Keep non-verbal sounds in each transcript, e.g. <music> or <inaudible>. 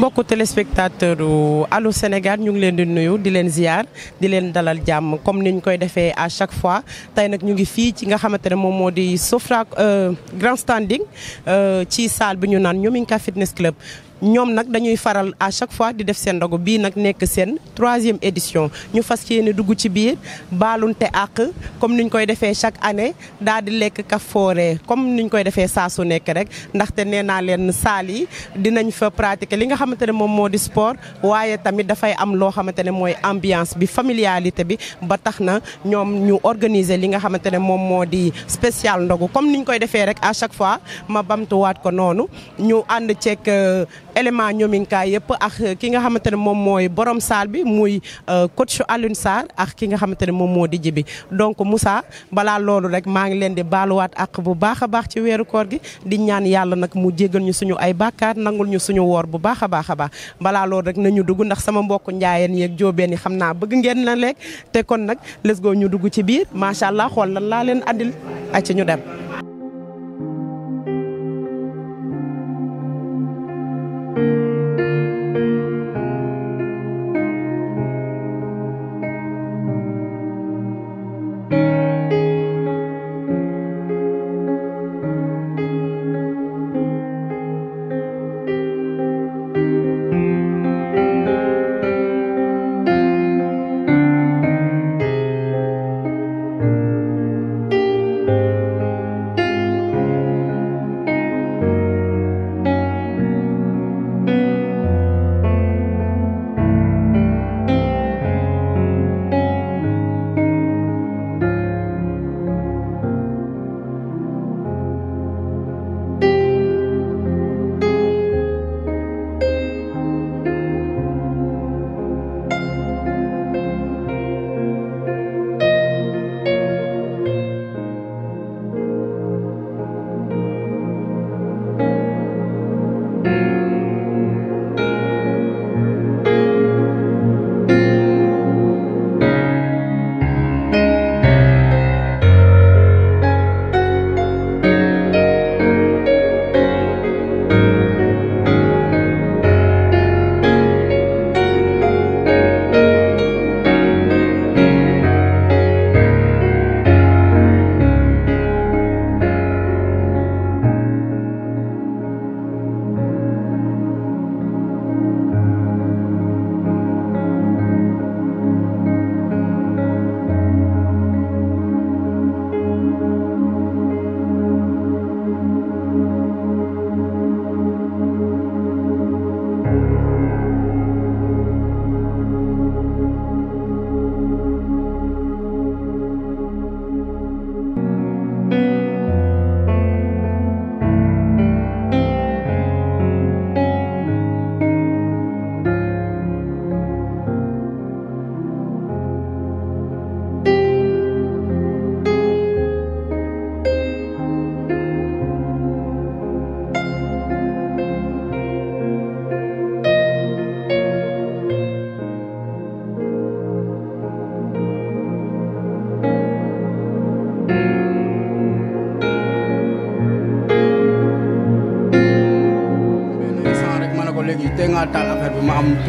mbokku téléspectateur Allô Sénégal ñu ngi leen di nuyu di leen ziar di leen dalal jàmm comme niñ koy defee à chaque fois tey nag ñu ngi fii ci nga xamante ne moom moo di Sofra euh, Grand Standing euh, ci salle bi ñu naan ñoom i ñoomin ka fitness club ñoom nag dañuy faral à chaque fois di def seen ndogu bii nag nekk seen troisième édition ñu fas yéene dugg ci biir baalunte àq comme niñ koy defee chaque année daal di lekk ka foore comme niñ koy defee saa su nekk rek ndaxte nee naa leen saali dinañ fa pratique li nga xamante ne moom moo di sport waaye tamit dafay am loo xamante ne mooy ambiance bi familialité bi ba tax na ñoom ñu organiser li nga xamante ne moom moo di spécial ndogu comme niñ koy defee rek à chaque fois ma bamtuwaat ko noonu ñu ànd euh, élément ñoominkaay yëpp ak ki nga xamante ne moom mooy borom saal bi muy euh, coach Alioune Sarr ak ki nga xamante ne moom moo di jibi donc Moussa balaa loolu rek maa ngi leen di baaluwaat ak bu baax a baax ci weeru koor gi di ñaan yàlla nag mu jéggal ñu suñu ay bàkkaar nangul ñu suñu woor bu baax a baax a baax balaa loolu rek ñu dugg ndax sama mbokk njaayeen yéeg joobeen yi xam naa bëgg ngeen na lekk te kon nag les ñu dugg ci biir macha allah xool lan laa leen andil ak ci ñu dem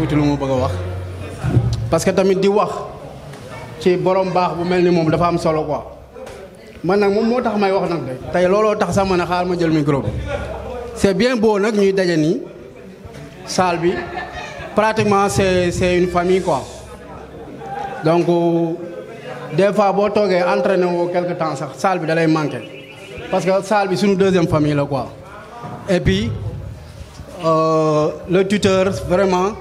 tuuti lu mu bëgg a wax parce que tamit di wax ci borom baax bu mel ni moom dafa am solo quoi man nag moom moo tax may wax nag de tey looloo tax sax man a xaar ma jël micro bi c'est bien boo nag ñuy daje nii salle bi pratiquement c'est c'est une famille quoi donc des fois boo toogee entraîné woo quelque temps sax salle bi da lay manqué parce que salle bi suñu deuxième famille la quoi euh, le tuteur vraiment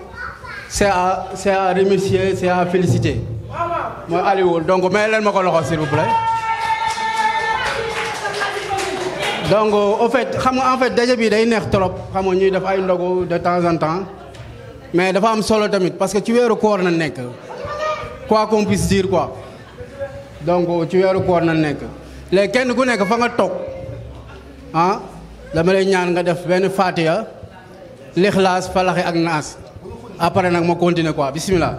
c'est à c'est à remercier c'est à féliciter mooy Aliou donc may leen ma ko loxo s'il vous plaît. donc au fait xam nga en fait daje bii day neex trop xam nga ñuy def ay ndogu de temps en temps mais dafa am solo tamit parce que ci weeru koor na nekk quoi qu'on puisse dire donc ci weeru koor na nekk léegi kenn ku nekk fa nga toog ah dama lay ñaan nga def benn fatiha lixlaas falaxi ak naas après nag ma continuer ko bisimilah.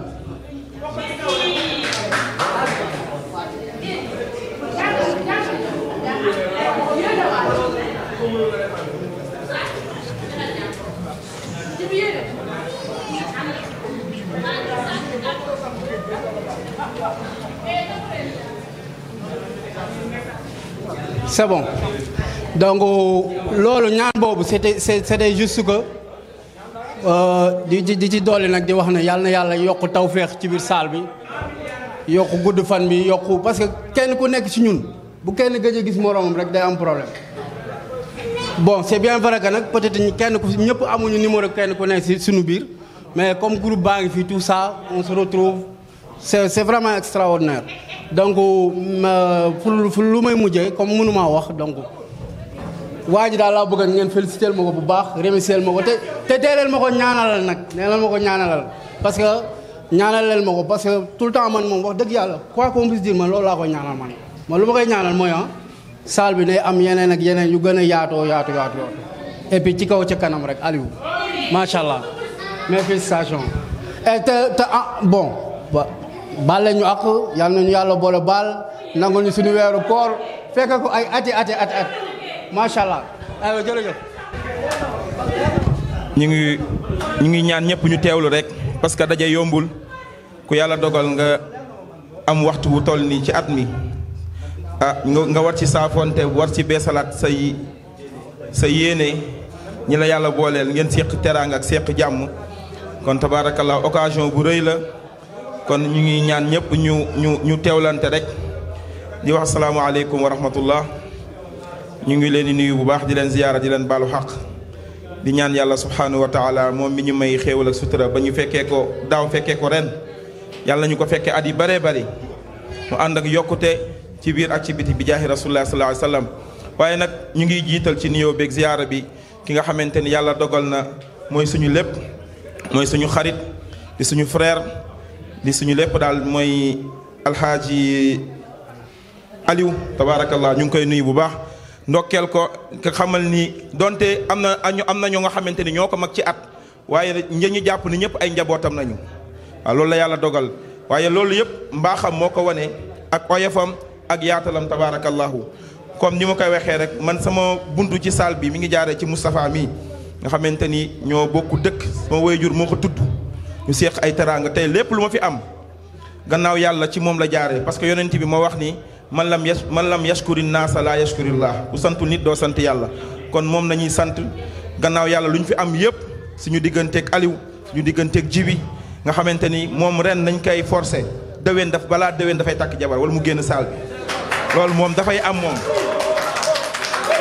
c'est bon donc euh, loolu ñaan boobu c'était c'était juste que. Euh, di di ci dolli nag di wax ne yàlla na yàlla yokk tawféex ci biir saal bi yokk gudd fan bi yokk parce que kenn ku nekk ci ñun bu kenn gëj a gis moroomam rek day am problème. bon c'est bien vrai que nag peut-être kenn ku ñëpp amuñu numéro kenn ku nekk si sunu biir mais comme groupe baa ngi fii tout ça on se retrouve c'est c'est vraiment extraordinaire donc fu euh, lu may mujjee comme mënumaa wax donc. waa ji daal laa bëgg ngeen félicité ma ko bu baax remercié ma ko te te teeleel ma ko ñaanalal nag teeleel ma ko ñaanalal parce que ñaanalal ma ko parce que tout le temps man moom wax dëgg yàlla quoi qu'on puisse dire man loolu ñaanal man man lu ma koy ñaanal mooy ah bi day am yeneen ak yeneen yu gën a yaatoo yaatu yaatu et ci kaw ca kanam rek Aliou macha allah mes félicitations et te te ah bon baal la ñu ak yal nañu yàlla boole baal nangu ñu suñu weeru koor fekk ko ay ati ati ati macha allah. aywa jërëjëf. ñu ngi ñu ngi ñaan ñëpp ñu teewlu rek parce que daje yombul ku yàlla dogal nga am waxtu wu toll nii ci at mi ah nga war ci saafonte war ci beesalaat say sa yéene ñi la yàlla booleel ngeen seq teraanga ak seq jàmm kon tabaarakallaa occasion bu rëy la kon ñu ngi ñaan ñëpp ñu ñu ñu teewlante rek di wax asalaamaaleykum wa rahmatullah ñu ngi leen di nuyu bu baax di leen ziyaara di leen baalu xaq di ñaan yàlla subhaanahu wa moom mi ñu may xéewal ak sutura ba ñu fekkee ko daaw fekkee ko ren yàlla ñu ko fekkee at yi bëree bëri mu ànd ak yokkute ci biir ak biti bi jaahi rasulullah sallallahu alayhi waaye nag ñu ngi jiital ci nuyoo beeg ziyaara bi ki nga xamante ni yàlla dogal na mooy suñu lépp mooy suñu xarit di suñu frère di suñu lépp daal mooy alxaaji Aliou tabaarakallah ñu ngi koy nuyu bu baax ndokkeel ko nga xamal ni donte am na ñu am na nga xamante ni ñoo ko mag ci at waaye ñi jàpp ni ñëpp ay njabootam nañu waaw loolu la yàlla dogal waaye loolu yëpp mbaaxam moo ko wane ak oyofam ak yaatalam tabaarakallahu kon ni ma koy waxee rek man sama buntu ci saal bi mu ngi jaaree ci Moustapha mii nga xamante ni ñoo bokku dëkk sama jur moo ko tudd ñu seeq ay teraanga tey lépp lu ma fi am gannaaw yàlla ci moom la jaaree parce que yonent bi moo wax ni. man lam yas man lam yashkuri naasa laa yashkurillah ku santul nit doo sant yàlla kon moom nañuy sant gannaaw yàlla lu ñu fi am yëpp suñu digganteeg aliw suñu digganteek Jibi nga xamante ni moom ren dañ koy forcé déwén balaa déwén dafay takk jabar wala mu génn saal bi loolu moom dafay am moom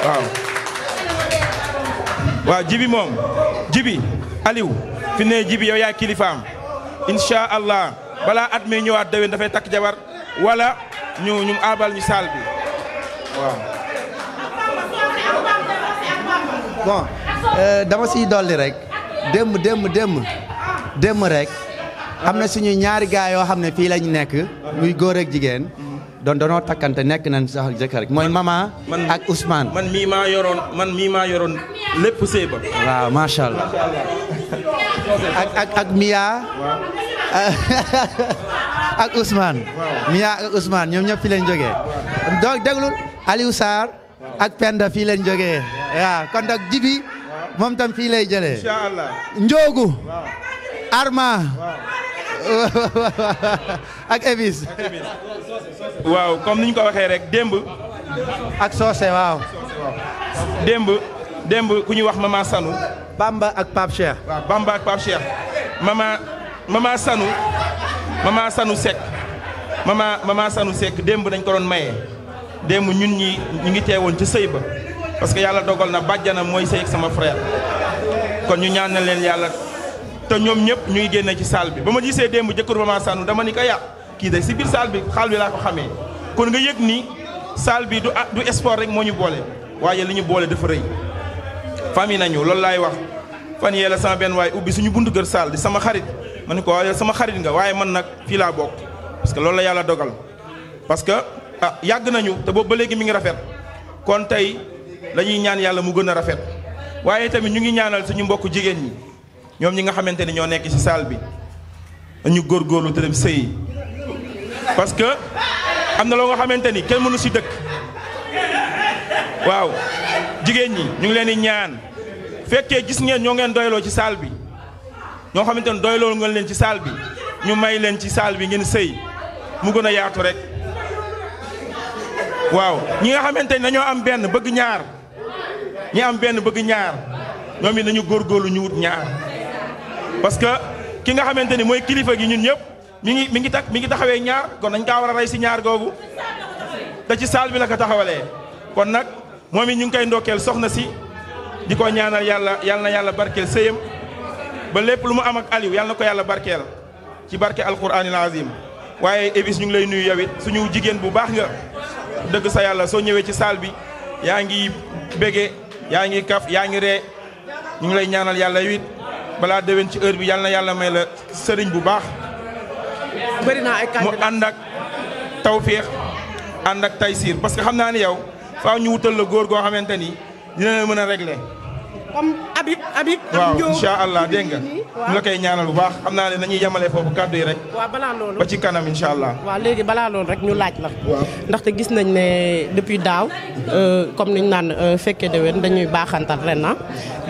waaw waaw jibi moom jibi Aliou fi ne jibi yow yaay kilifaam incha allah balaa at mi ñëwaat déwén dafay takk jabar wala ñu ñu abal ñu salle bi waaw. bon euh, dama siy dolli rek démb démb démb démb rek am na suñu ñaari gaay yoo xam ne fii lañu nekk muy góor ak jigéen. doon danoo takkante nekk nañ sax jëkkër rek mooy mama ak Ousmane. man mii maa yoroon man mii maa yoroon lépp sëy ba. waaw macha ak ak ak Ousmane. Mia ak Ousmane ñoom ñëpp fii lañ jógee. donc déglul ak Penda fii lañ jógee. waaw kon nag Jibi. moom tam fii lay jëlee. incha allah Njoogu. Arma. ak Evis. waaw comme ni ñu ko waxee rek démb. ak Socé waaw. démb démb ku ñu wax Mama Sanu. Bamba ak Pape Cheikh. Mama. mama Sanu mama Sanu Seck ma mama Sanu Seck démb dañ ko doon maye démb ñun ñi ñu ngi teewoon ci sëy ba parce que yàlla dogal na bàjjanam mooy sëy ak sama frère kon ñu ñaan ñaanal leen yàlla te ñoom ñëpp ñu ngi génne ci salle bi ba ma gisee démb jëkkër mama Sanu dama ni ko yàq kii de si biir salle bi xaal bi laa ko xamee kon nga yëg ni salle bi du du sport rek moo ñu boole waaye li ñu boole dafa rëy famille nañu loolu laay wax. fan yee la sama benn waaye ubbi suñu buntu kër Sall di sama xarit ma ne ko waaye sama xarit nga waaye man nag fii laa bokk parce que loolu la yàlla dogal parce que ah, yàgg nañu te boobu ba léegi mi ngi rafet kon tey lañuy ñaan yàlla mu gën a rafet waaye tamit ñu ngi ñaanal suñu mbokku jigéen ñi ñoom ñi nga xamante ni ñoo nekk ci salle bi dañu góorgóorlu te dem sëy parce que am na loo nga xamante ni kenn mënu si dëkk waaw jigéen ñi ñu ngi leen di ñaan. fekkee gis ngeen ñoo ngeen doyloo ci saal bi ñoo xamante ne doyloo ngeen leen ci saal bi ñu may leen ci saal bi ngeen sëy mu gën a yaatu rek waaw ñi nga xamante ni dañoo am benn bëgg ñaar ñi am benn bëgg ñaar ñoom it nañu góorgóorlu ñu wut ñaar parce que ki nga xamante ni mooy kilifa gi ñun ñëpp mi ngi mi ngi tax mi ngi taxawee ñaar kon dañ kaa war a rey si ñaar googu te ci saal bi la ko taxawalee kon nag moom it ñu ngi koy ndokkeel soxna si. di ko ñaanal yàlla yàlla na yàlla barkeel sëyam ba lépp lu mu am ak Aliou yàlla na ko yàlla barkeel ci barke alquranil azim waaye Evis ñu ngi lay nuyu yow it suñu jigéen bu baax nga dëgg sa yàlla soo ñëwee ci saal bi yaa ngi bége yaa ngi kaf yaa ngi ree ñu ngi lay ñaanal yàlla yow balaa déwén ci heure bi yàlla na yàlla may la sëriñ bu baax. bëri naa ay mu ànd ak tawféex ànd ak taysiir parce que xam naa ne yow faaw ñu wutal la góor goo xamante ni dina la mën a régler. comme Habib Habib. waaw incha allah dégg nga. ñu koy ñaanal bu baax xam naa ne dañuy yemale foofu kàddu yi rek. waaw balaa loolu ba ci kanam incha allah. waaw léegi balaa loolu rek ñu laaj la. waaw ndaxte gis nañ ne depuis daaw. Euh, comme ni ñu naan euh, fekkee déwén dañuy baaxantal ren ah.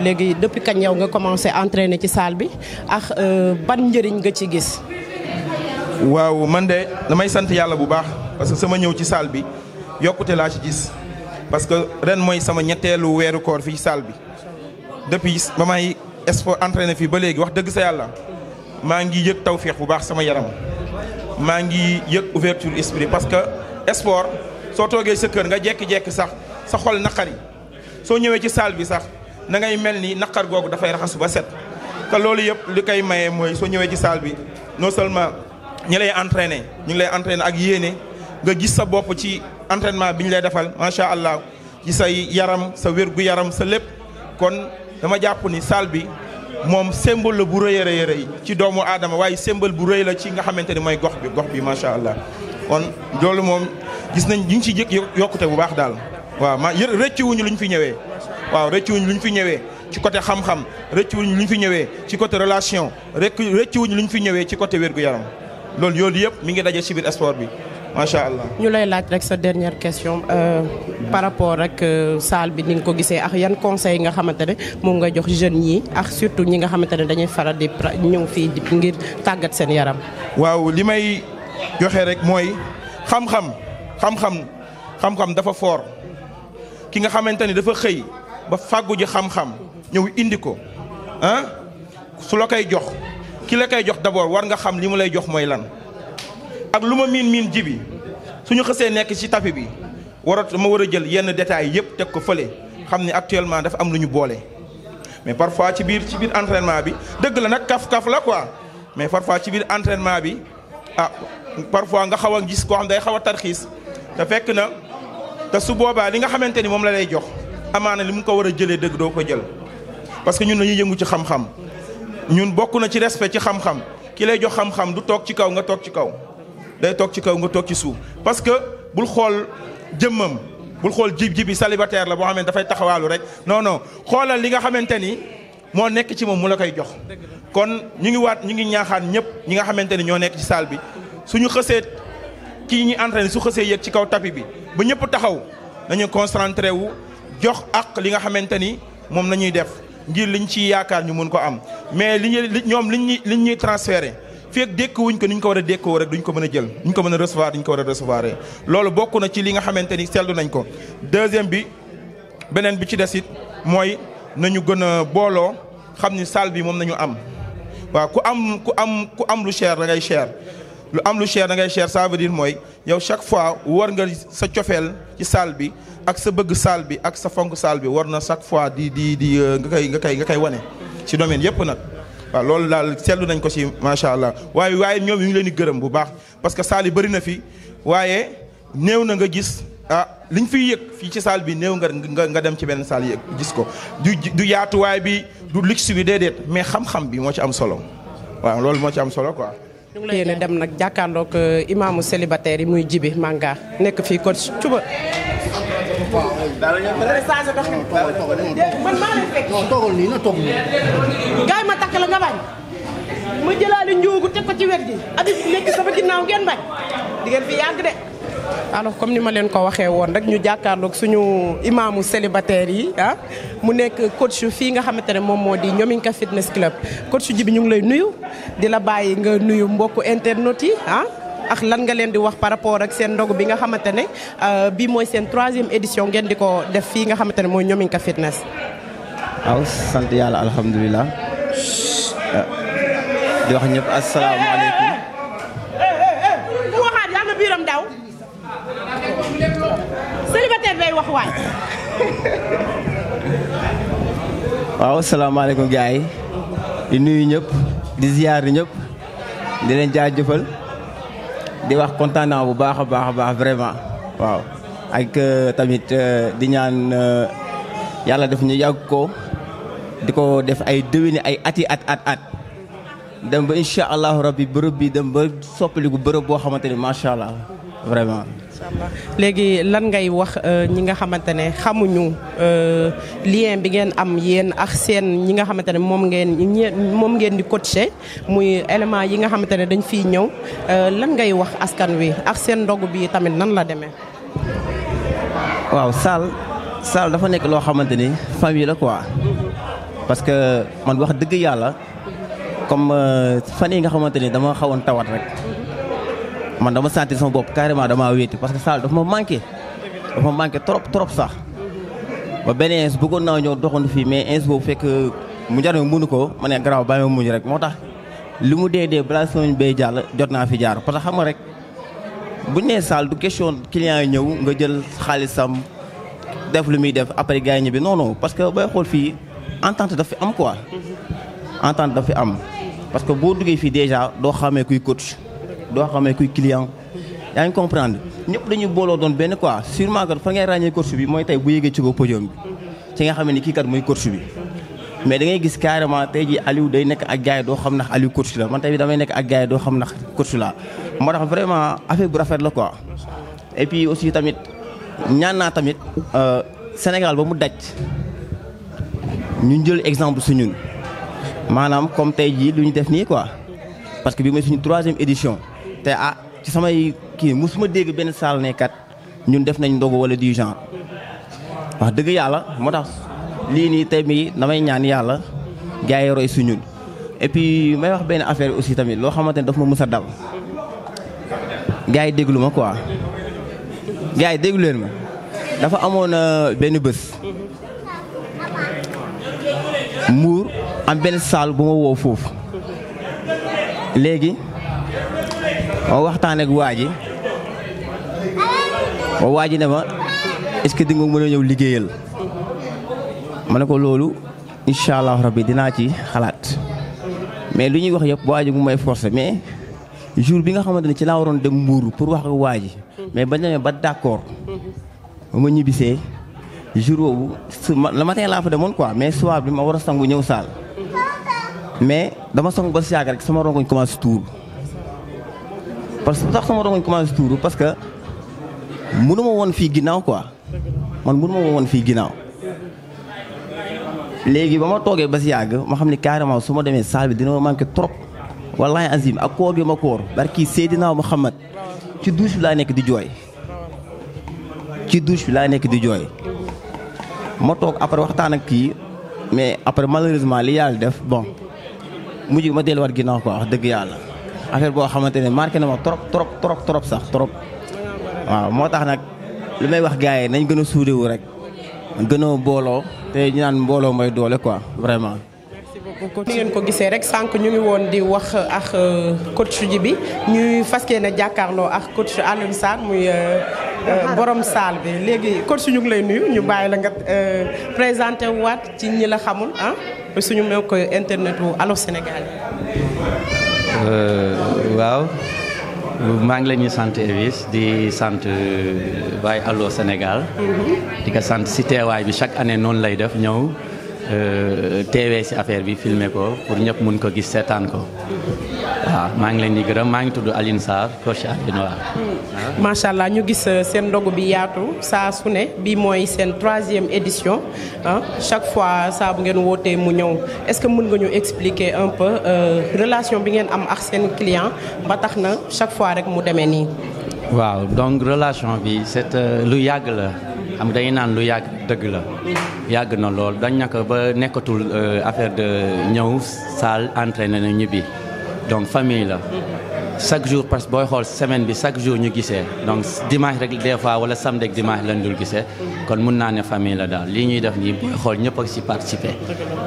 léegi depuis kañ yow nga commencé entraîner ci salle bi ak euh, ban njëriñ nga ci gis. waaw man de damay sant yàlla bu baax parce que sama ñëw ci salle bi yokkute laa ci gis parce que ren mooy sama ñetteelu weeru koor fi salle bi. depuis ba may sport entraîné fii ba léegi wax dëgg sa yàlla maa ngi yëg tawféex bu baax sama yaram maa ngi yëg ouverture esprit parce que sport soo toogee sa kër nga jekki-jekki sax sa xol naqari soo ñëwee ci salle bi sax na ngay mel ni naqar googu dafay raxasu ba set te loolu yëpp li koy maye mooy soo ñëwee ci salle bi non seulement ñi lay entraîné ñu ngi lay entraîné ak yéene nga gis sa bopp ci entraînement bi ñu lay defal macha allah ci say yaram sa wér gu yaram sa lépp dama jàpp ni salle bi moom symbole la bu rëy yëre yëre yi ci doomu aadama waaye symbole bu rëy la ci nga xamante ni mooy gox bi gox bi macha allah kon loolu moom gis nañ ñu ngi ci jëkk yokkute bu baax daal waaw ma yë rëccuwuñu lu ñu fi ñëwee waaw rëccuwuñu lu ñu fi ñëwee ci côté xam-xam rëccuwuñu lu fi ñëwee ci côté relation rek rëccuwuñu lu ñu fi ñëwee ci côté wér yaram loolu yooyu yëpp mi ngi daje ci biir sport bi macha allah ñu lay laaj rek sa dernière question euh, par rapport rek euh, salle bi ni nga ko gisee ak yan conseil nga xamante ne moom nga jox jeunes yi ak surtout ñi nga xamante ne dañuy faral di ñëw fii di ngir tàggat seen yaram. waaw li may joxe rek mooy xam-xam xam-xam dafa foor ki nga xamante ni dafa xëy ba fàggu ji xam-xam ñëw indi ko ah su la koy jox ki koy jox d'abord war nga xam li mu lay jox mooy lan. ak lu ma miin miin jibi su ñu xësee nekk ci tapi bi warat ma war a jël yenn détails yëpp teg ko fële xam ne actuellement dafa am lu ñu boole mais parfois ci biir ci biir entraînement bi dëgg la nag kaf-kaf la quoi mais parfois ci biir entraînement bi ah parfois nga xaw a gis koo xam day xaw a tarxiis te fekk na te su boobaa li nga xamante ni moom la lay jox amaana li mu ko war a jëlee dëgg doo ko jël parce que ñun dañuy yëngu ci xam-xam ñun bokk na ci respect ci xam-xam lay jox xam du toog ci kaw nga toog ci kaw day toog ci kaw nga toog ci suuf parce que bul xool jëmmam bul xool jib jibi célibataire la boo xam ne dafay taxawaalu rek non xoolal li nga xamante ni moo nekk ci moom mu la koy jox kon ñu ngi waat ñu ngi ñaaxaan ñëpp ñi nga xamante ni ñoo nekk ci salle bi suñu xësee kii ñuy entraîné su xësee yéeg ci kaw tapis bi ba ñëpp taxaw nañu concentré wu jox ak li nga xamante ni moom la ñuy def ngir liñ ci yaakaar ñu mun ko am mais li ñoom li ñuy liñ ñuy transféré feeg dékkwuñ ko ni ñu ko war a dékkoo rek duñ ko mën a jël ñu ko mën a recevoir duñ ko war a recevoir loolu bokk na ci li nga xamante ni seetlu nañ ko deuxième bi beneen bi ci des it mooy nañu gën a booloo xam ni salle bi moom nañu am waaw ku am ku am ku am lu cher da ngay cher lu am lu cher da ngay cher ça mooy yow chaque fois war nga sa cofeel ci salle bi ak sa bëgg salle bi ak sa fonk salle bi war na chaque fois di di di euh, nga koy nga koy nga koy wane ci domaine yëpp nag waaw loolu daal seetlu nañ ko ci macha allah waaye waaye ñoom ñu leen di gërëm bu baax parce que saal yi na fi waaye néew na nga gis ah liñ fiy yëg fii ci saal bi néew nga nga dem ci benn saal yëg gis ko du du yaatuwaay bi du luxe bi déedéet mais xam-xam bi moo ci am solo waaw loolu moo ci am solo ko ñu ngi lay dem nag jàkkaarloog euh, imaamu célibataire yi muy jibi manga nekk fii kon suba. bañ ma jëlaale njóogu teg ko ci wet gi Habib nekk sama ginnaaw ngeen bañ di fi yàgg de. alors comme ni ma leen ko waxee woon rek ñu jàkkaarloog suñu imaamu célibataire yi ah mu nekk coach fii nga xamante ne moom moo di Ñominka fitness club coach ji bi ñu ngi lay nuyu di la bàyyi nga nuyu mbokku internet yi ah ak lan nga leen di wax par rapport ak seen ndogu bi nga xamante ne euh, bii mooy seen troisième édition ngeen di ko def fii nga xamante ne mooy Ñominka fitness. waaw sant yàlla alhamdulilah. Eh, di wax ñëpp asalaamaaleykum. bu eh, eh, waxaat yàlla na biiram daw. célibataire bay wax waay. waaw asalaamaaleykum gars yi. di nuyu ñëpp di ziar ñëpp. di leen jaajëfal. di wax kontaan bu baax a baax a baax vraiment. waaw ak tamit di ñaan yàlla def ñu yàgg ko. di ko def ay déwéni ay ati at at at dem ba incha allahu rabbi bërëb bi dem ba soppaliku bërëb boo xamante ni macha allah vraiment. léegi lan ngay wax euh, ñi nga xamante ne xamuñu euh, lien bi ngeen am yéen ak seen ñi nga xamante ne moom ngeen moom ngeen di coacher muy élément yi nga xamante ne dañ fiy ñëw euh, lan ngay wax askan wi ak seen ndogu bi tamit nan la demee. waaw Saal Saal dafa nekk loo xamante ni famille la quoi. parce que man wax dëgg yàlla comme euh, fan yi nga xamante ni dama xawoon tawaat rek man dama sentir sama bopp carrément damaa wéeti parce que saal dafa ma manqué dafa ma manqué trop trop sax ba beneen ins bëggoon naa ñëw doxandu fii mais ens boobu fekk mu jar mënu ko ma ne garaaw bàyyi ma muñ rek moo tax li mu dee dee balaa semaine bay jàll jot naa fi jaar parce que xam nga rek buñ nee saal du question client yi ñëw nga jël xaalisam def lu muy def après gars yi ñibbi entente daf fi am quoi. entente daf fi am parce que boo duggee fii déjà doo xamee kuy coach doo xamee kuy client yaa ngi comprendre ñëpp dañuy booloo doon benn quoi sûrement que fa ngay ràññee coach bi mooy tey bu yéegee ci kaw podium bi ci nga xam ne kii kat mooy coach bi. mais da ngay gis carrément tey jii Aliou day nekk ak gars doo xam nax Aliou coach la man tey damay nekk ak doo xam ndax coach la moo tax vraiment affaire bu rafet la quoi. et puis aussi tamit ñaan naa tamit euh, Sénégal ba mu daj. ñu jël exemple su maanaam comme tey jii lu ñu def nii quoi parce que bi mooy suñu troisième édition te ah ci samay kii mosuma dégg benn saal ne kat ñun def nañ ndogu wala du genre wax dëgg yàlla moo tax lii nii tey mii damay ñaan yàlla gars yi roy su ñun et puis may wax benn affaire aussi tamit loo xamante ne daf ma mës a dal gaa yi déglu ma quoi gars yi déglu leen ma dafa amoon euh, benn bës am benn saal bu ma wow foofu léegi ma waxtaan ak waa ji waa ji ne ma est-ce que di nga mën a ñëw liggéeyal ma ne ko loolu incha allah rabbi dinaa ci xalaat mais lu ñuy wax yëpp waa ji mu may forcé mais jour bi nga xamante ni ci laa waroon dem mbuur pour wax ak waa ji mais ba demee ba d'accord ba ma ñibbisee jour boobu su ma la matin laa fa demoon quoi mais soir bi ma war a sangu ñëw saal. mais dama song ba si yàgg rek sama rongoñ commencé tuuru parce que tax sama rongoñ commencé tuuru parce que mënu woon fii ginnaaw quoi man mënu ma woon fii ginaaw léegi ba ma toogee ba si yàgg ma xam ne carrément su ma demee salle bi dina ma manqué trop wallahi azim ak koor gi ma koor barki Seydina Muhammad ci douche bi laa nekk di jooy ci douche bi laa nekk di jooy ma toog après waxtaan ak kii mais après malheureusement li def bon mujj ma delluwaat ginnaaw quoi wax dëgg yàlla affaire boo xamante ne marqué na ma trop trop trop trop sax trop. waaw moo tax nag lu may wax gars yi nañ gën a suudewu rek gën a booloo te ñu naan mbooloo mooy doole quoi vraiment. ni ngeen ko gisee rek sànq ñu ngi woon di wax ak euh, coach ji bi ñuy faskee yéene jàkkaarloo ak coach Alioune Sarr muy euh, euh, borom saal bi léegi su ñu ngi lay nuyu ñu bàyyi la nga présenté waat ci ñi la xamul ah. suñu mbokk internet wu aloo Sénégal yi. Euh, waaw maa ngi la ñuy sant Evis di sant euh, waaye Allô Sénégal. Mhm. di ko sant si teewaay bi chaque année noonu lay def ñëw. Euh, teewee si affaire bi filmer ko pour ñëpp mun ko gis seetaan ko waaw maa ngi leen di gërëm maa ngi tudd Alioune Sarr coach Alioune Noir. Hmm. macha allah ñu gis euh, seen ndogu bi yaatu saa su ne bii mooy seen troisième édition chaque fois saa bu ngeen wootee mu ñëw est ce que mën nga ñu expliquer un peu euh, relation bi ngeen am ak seen client ba tax na chaque fois rek mu demee nii. waaw donc relation bi c'est lu yàgg la. am dañuy naan lu yàgg dëgg la yàgg na lool dañ ñàkk ba nekkatul euh, affaire de ñëw saal entraîné na ñibbi donc famille la chaque jour parce que booy xool semaine bi chaque jour ñu gisee donc dimanche rek des fois wala samedi ak dimanche lañ dul gisee kon mun naa ne famille la daal lii ñuy def nii booy xool ñëpp a si participer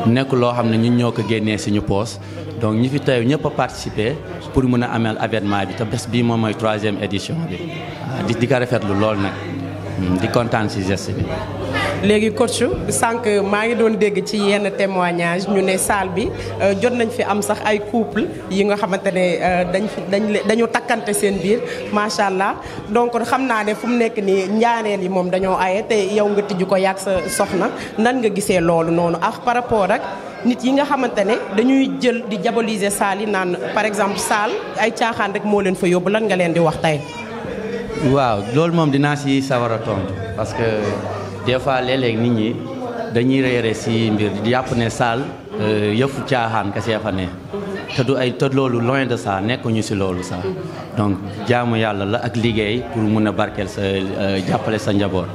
nekk loo xam ne ñu ñoo ko génnee suñu poos donc ñi fi teew ñëpp a pour mun a ameel avènement bi te bés bii moom mooy troisième édition bi lool nag Mm, di kontaan si geste bi. léegi coach sànq maa ngi doon dégg ci yenn témoignage ñu ne salle bi euh, jot nañ fi am sax ay couple yi nga xamante ne euh, dañ fi dañ dañu takkante seen biir macha allah donc xam naa ne fu mu nekk nii njaareel yi moom dañoo aye te yow nga tijju ko yàgg sa soxna nan nga gisee loolu noonu ax par rapport ak nit yi nga xamante ne dañuy jël di diaboliser salle yi naan par exemple salle ay caaxaan rek moo leen fa yóbbu lan nga leen di wax tey. waaw loolu moom dinaa si sawara a tontu parce que des fois léeg-léeg nit ñi dañuy réere si mbir di jàpp ne saal euh, yëfu caaxaan kese fa ne te du ay te loolu loin de ça nekkuñu si loolu sax donc jaamu yàlla la ak liggéey pour mun a barkeel sa euh, jàppale sa njaboot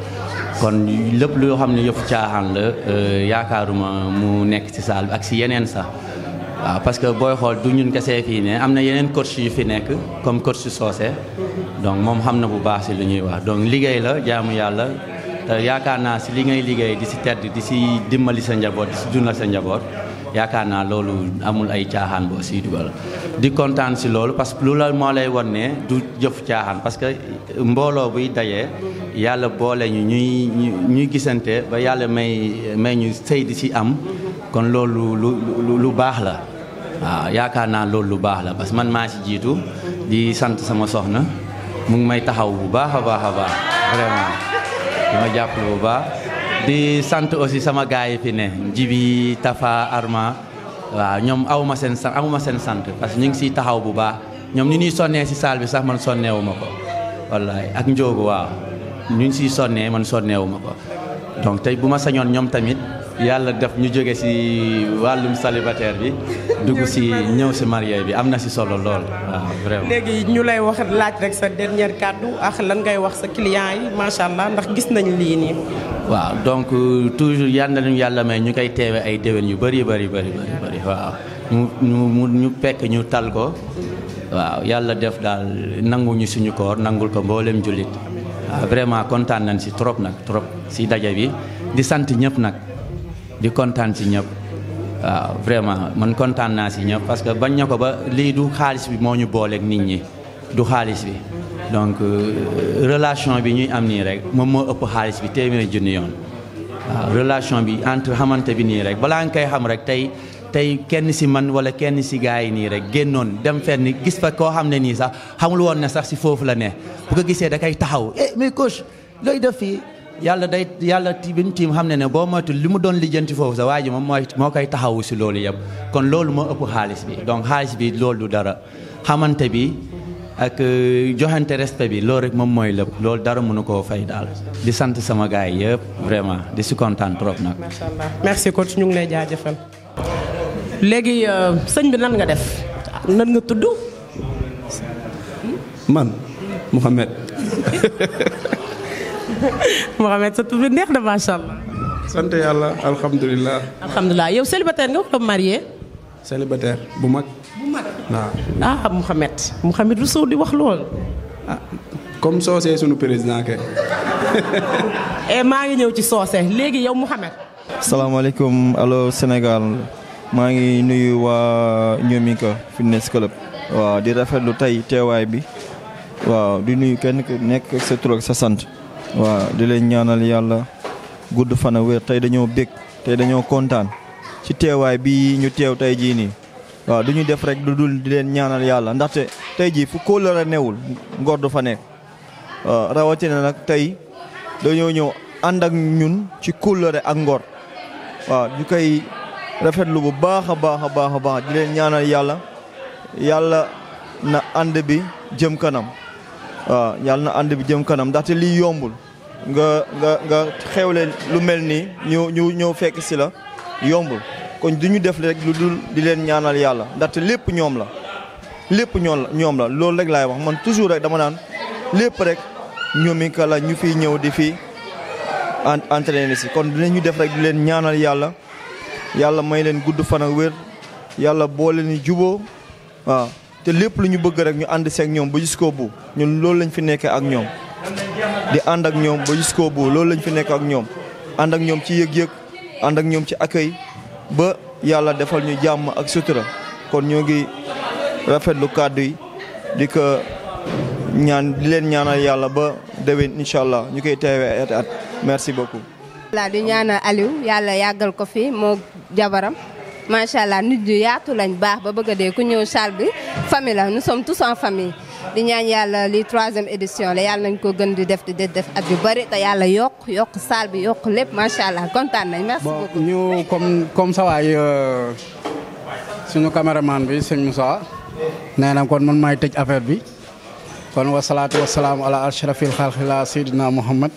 kon lépp loo xam ne yëfu caaxaan la euh, yaakaaruma mu nekk si saal ak si yeneen sax waaw parce que booy xool du ñun kese fii ne am na yeneen coach yu fi nekk comme coach soose donc moom xam na bu baax si lu ñuy wax donc liggéey la jaamu yàlla te yaakaar naa si li ngay liggéey di si tedd di si dimbali sa njaboot di si dundal sa njaboot yaakaar naa loolu amul ay caaxaan boo siy dugal di kontaan si loolu parce que lu la moo lay wan ne du jëf caaxaan parce que mbooloo buy dajee yàlla boole ñu ñuy ñuy gisante ba yàlla may may ñu sëy di si am kon loolu lu lu lu baax la waaw ah, yaakaar naa loolu lu baax la parce que man maa ci jiitu di sant sama soxna mu ngi may taxaw bu baax a baax a baax vraiment jàpp ma bu baax di sant aussi sama gars yi fi ne Jibi Tafa Arma waaw ñoom awuma seen sant amuma seen sant parce que ñu ngi siy taxaw bu baax ñoom ñu ñuy sonnee si saal bi sax man sonneewu ma ko wallaay ak njóogu waaw ñu ngi siy sonnee man sonneewu ma ko donc tey bu ma sañoon ñoom tamit yàlla def ñu jóge ci wàllum célibataire bi dugg ci ñëw ci marié bi am na ci solo lool waaw vraiment. léegi ñu lay wax laaj rek sa dernière kàddu ak lan ngay wax sa client yi macha allah ndax gis nañ lii nii. waaw donc toujours yal na yàlla may ñu koy teewe ay déwén yu bari bari bari bari waaw mu mu ñu pekk ñu tal ko waaw yàlla def daal nanguñu suñu koor nangul ko mboolem jullit waaw vraiment kontaan nañ ci trop nag trop ci daje bi di sant ñëpp nag. di kontaan si ñëpp waaw vraiment man kontaan naa si ñëpp parce que bañ na ko ba lii du xaalis bi moo ñu booleek nit ñi du xaalis bi donc euh, relation bi ñuy am nii rek moom moo ëpp xaalis bi téeméeri junni yoon waaw relation bi entre xamante bi nii rek balaa nga koy xam rek tey tey kenn si man wala kenn si gars yi nii rek génnoon dem ni gis fa koo xam ne nii sax xamul woon ne sax si foofu la ne bu ko gisee da koy taxaw eh mais coach looy def fii yàlla day yàlla bi ñu tiim xam ne ne boo moytu li mu doon lijjanti foofu sa waa ji moom mooy moo koy taxawu si loolu yëpp kon loolu moo ëpp xaalis bi donc xaalis bi loolu du dara xamante bi ak euh, joxante respect bi loolu rek moom mooy lépp loolu dara mënu koo fay daal di sant sama gaay yi yëpp vraiment di si kontaan trop nag. macha allah merci ñu ngi lay jaajëfal. léegi euh, sëñ bi nan nga def nan nga tudd. man Mouhamed. <laughs> Mohamed sa tur neex na macha allah. sant yàlla alhamdulilah. alhamdulilah yow célibataire nga wala marié. célibataire bu mag. bu mag waaw. ah Mohamed Mohamed Rousseau di wax lool. ah comme soosee sunu président kay. <laughs> e maa ngi ñëw ci soose léegi yow Mohamed. salaamaaleykum allo Sénégal maa ngi nuyu waa Ñomika fitness club. waaw di rafetlu tey teewaay bi waaw di nuyu kenn ku nekk sa tur sa sant. waaw di leen ñaanal yàlla gudd fan a wér tey dañoo bég tey dañoo kontaan ci teewaay bi ñu teew tey jii nii waaw du ñu def rek lu dul di leen ñaanal yàlla ndaxte tey jii fu kóllëre newul ngor du fa nekk waaw rawatina nag tey dañoo ñëw ànd ak ñun ci kóllëre ak ngor waaw ñu koy rafetlu bu baax a baax a baax a baax di leen ñaanal yàlla yàlla na ànd bi jëm kanam waaw yàlla na ànd bi jëm kanam ndaxte lii yombul nga nga nga xewle lu mel ni ñu ñu ñëw fekk si la yombul kon du ñu def rek lu dul di leen ñaanal yàlla ndaxte lépp ñoom la lépp ñoom la ñoom loolu rek laay wax man toujours rek dama naan lépp rek ñoom i kala ñu fi ñëw di fi entraîné si kon ñu def rek di leen ñaanal yàlla yàlla may leen gudd fan ak wér yàlla boole juboo waaw te lépp lu ñu bëgg rek ñu ànd seeg ñoom ba jusqu'au bu ñun loolu lañ fi nekkee ak ñoom di ànd ak ñoom ba jusqu'au bout loolu lañ fi nekk ak ñoom ànd ak ñoom ci yëg-yëg ànd ak ñoom ci accueil ba yàlla defal ñu jàmm ak sutura kon ñoo ngi rafetlu kàddu yi di ko ñaan di leen ñaanal yàlla ba déwén incha allah ñu koy teewee at at merci beaucoup. voilà di ñaanal Aliou yàlla yàggal ko fi moo jabaram. macha allah nit ñu yaatu lañ baax ba bëgg a dee ku ñëw salle bi famille la nous sommes tous en famille. di ñaan yàlla li troisième édition la yàlla nañ ko gën di def di def at yu bari te yàlla yokk yokk salle bi yokk lépp macha allah kontaan nañu merci beaucoup ñu comme comme ça waay euh, suñu caméraman bi sëñ Moussa nee na tëj affaire bi kon wasalaatu wasalaam ala ashrafil xalqila sayidina Muhammad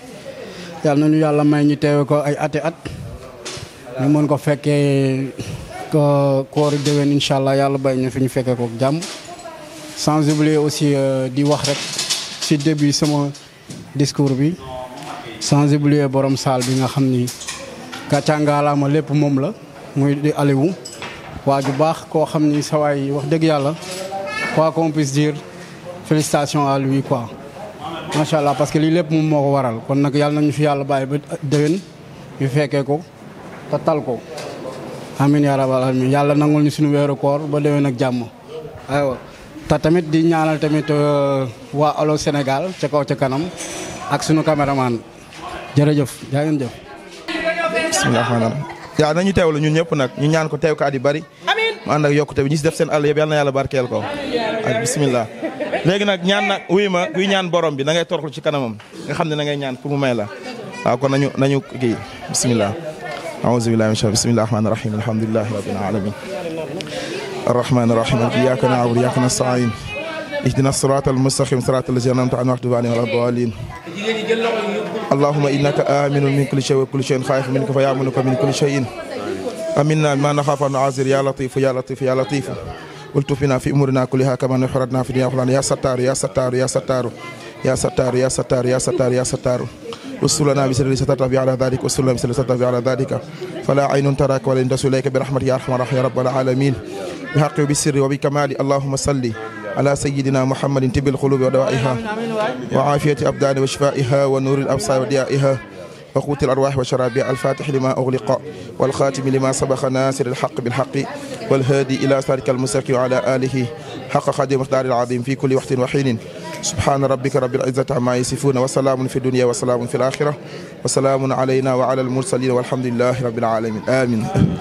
yàlla nañu yàlla may ñu teewe ko ay ati at ñu mën ko fekkee koori déwén incha allah yàlla baay ñu fi ñu fekkee ko jàmm sans oublier aussi euh, di wax rek si début sama discours bi sans oublier borom saal bi nga xam ni gàccangaalaama lépp moom la muy di Aliou waa baax koo xam ni sawaay wax dëgg yàlla quoi qu'on puisse dire félicitations à lui quoi macha allah parce que lii lépp moom moo ko waral kon nag yàlla nañu fi yàlla bàyyi ba déwén ñu fekkee ko te tal ko amin yaa rabal alamin yàlla nangul suñu weeru koor ba déwén ak jàmm aywa te tamit di ñaanal tamit euh, waa Allô Sénégal ca kaw ca kanam ak sunu caméraman jërëjëf jaa ngeen jëf yaa nañu teewlu ñun ñëpp nag ñu ñaan ko teewkaat yi bari mu ànd ak yokkute bi ñi si def seen àll yëpp yal na yàlla barkeel ko ak bismillah léegi nag ñaan nag wuy ma kuy ñaan borom bi na ngay torxlu ci kanamam nga xam ne na ngay ñaan pour mu may la waaw kon nañu nañu kii bismillah aousubillahi min shar bismillahi rahmani rahim alhamdulilahi rabbil alamin arrahmani rahim iyyaka na'budu wa iyyaka nasta'in ihdina siratal mustaqim siratal ladzina an'amta anhum ghayril maghdubi alaihim waladdallin allahumma innaka aminun min kulli shay'in wa kullu shay'in khaifun minka fa ya aminuka min kulli shay'in aminna ma nakhafu an azir ya latif ya latif ya latif ultufina fi umurina kulliha kama nuhratna fi dunya ya sattaru ya sattaru ya sattaru ya sattaru ya sattaru ya sattaru ya sattaru واستر لنا بستر الذي سترت به على ذلك واستر لنا بستر الذي سترت به على ذلك فلا عين تراك ولا ينتصر إليك برحمتك يا أرحم الراحمين يا رب العالمين بحق وبالسر وبكمال اللهم صل على سيدنا محمد طب القلوب ودوائها وعافية أبدان وشفائها ونور الأبصار وديائها وقوة الأرواح وشرابها الفاتح لما أغلق والخاتم لما سبق ناصر الحق بالحق والهادي إلى صراطك المستقيم وعلى آله حق قدر مقدار العظيم في كل وقت وحين subhaana rabbika rabbil izzati ammaa yasifuuna wa salaamun fi dunya wa salaamun fi laaxira wa salaamun alaynaa wa alal mursaliin walhamdulillaahi rabbil aalamiin amiin